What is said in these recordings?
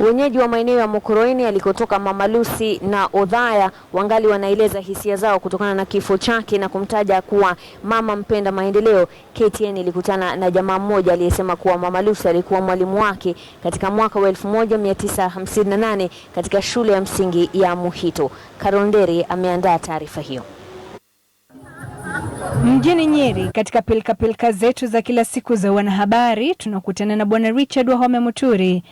Wenyeji wa maeneo ya Mokoroini alikotoka Mama Lucy na Odhaya wangali wanaeleza hisia zao kutokana na kifo chake na kumtaja kuwa mama mpenda maendeleo. KTN ilikutana na jamaa mmoja aliyesema kuwa Mama Lucy alikuwa mwalimu wake katika mwaka wa 1958 katika shule ya msingi ya Muhito. Karonderi ameandaa taarifa hiyo. Mjini Nyeri, katika pilika zetu za kila siku za wanahabari, tunakutana na Bwana Richard Wahome Muturi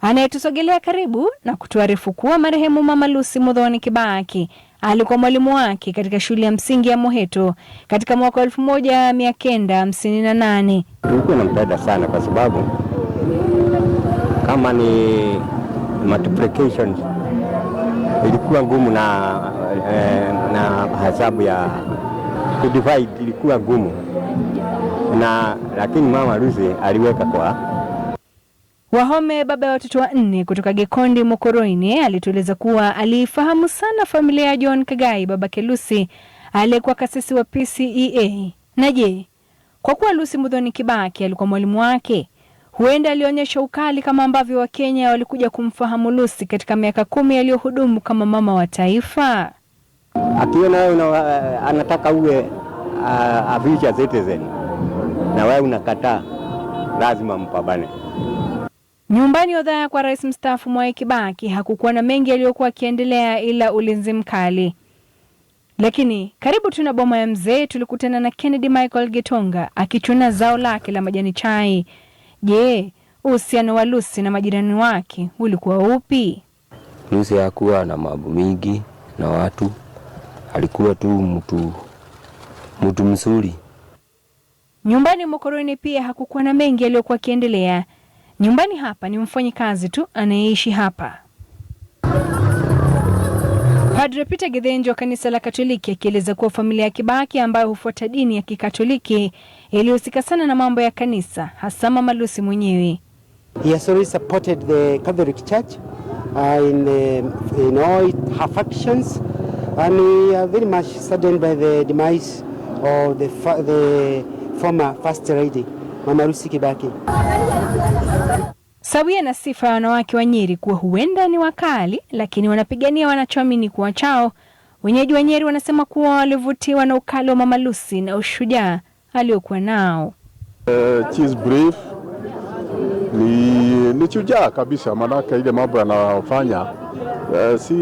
Anayetusogelea karibu na kutuarifu kuwa marehemu Mama Lucy Muthoni Kibaki alikuwa mwalimu wake katika shule ya msingi ya Moheto katika mwaka elfu moja mia kenda hamsini na nane. Tulikuwa na msaada sana, kwa sababu kama ni ilikuwa ngumu na, eh, na hasabu ya kudivide ilikuwa ngumu na, lakini Mama Lucy aliweka kwa Wahome, baba ya watoto wanne kutoka gekondi Mokoroini, alitueleza kuwa aliifahamu sana familia ya John Kagai, babake Lucy aliyekuwa kasisi wa PCEA. Na je, kwa kuwa Lucy Muthoni Kibaki alikuwa mwalimu wake, huenda alionyesha ukali kama ambavyo Wakenya walikuja kumfahamu Lucy katika miaka kumi aliyohudumu kama mama wa taifa. Akiona wewe anataka uwe a future citizen na wewe unakataa, lazima mpabane. Nyumbani odhaya kwa rais mstaafu Mwai Kibaki hakukuwa na mengi yaliyokuwa akiendelea ila ulinzi mkali. Lakini karibu tu na boma ya mzee tulikutana na Kennedy Michael Gitonga akichuna zao lake la majani chai. Je, uhusiano wa Lucy na majirani wake ulikuwa upi? Lucy hakuwa na mambo mingi na watu, alikuwa tu mtu mtu mzuri. Nyumbani Mokoroni pia hakukuwa na mengi yaliyokuwa akiendelea Nyumbani hapa ni mfanyikazi tu anayeishi hapa. Padre Peter Gethenji wa kanisa la Katoliki akieleza kuwa familia ya Kibaki ambayo hufuata dini ya Kikatoliki ilihusika sana na mambo ya kanisa, hasa Mama Lucy mwenyewe. Mama Lucy Kibaki Sawia na sifa ya wanawake wa Nyeri kuwa huenda ni wakali, lakini wanapigania wanachoamini kuwa chao. Wenyeji wa Nyeri wanasema kuwa walivutiwa na ukali wa Mama Lucy na ushujaa aliokuwa nao. Uh, eh, she's Ni, ni shujaa kabisa, maanake ile mambo yanayofanya uh, si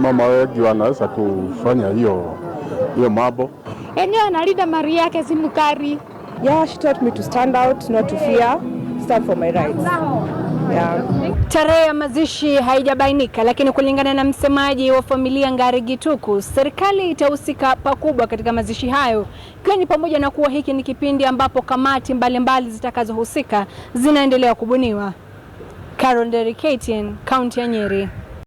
mama wengi wanaweza kufanya hiyo hiyo mambo. Eneo analinda mali yake si mkari. Yeah, she taught me to stand out, not to fear stand for my rights. Yeah. Tarehe ya mazishi haijabainika, lakini kulingana na msemaji wa familia Ngari Gituku, serikali itahusika pakubwa katika mazishi hayo, ikiwa ni pamoja na kuwa hiki ni kipindi ambapo kamati mbalimbali zitakazohusika zinaendelea kubuniwa. Carol Derry, KTN, kaunti ya Nyeri.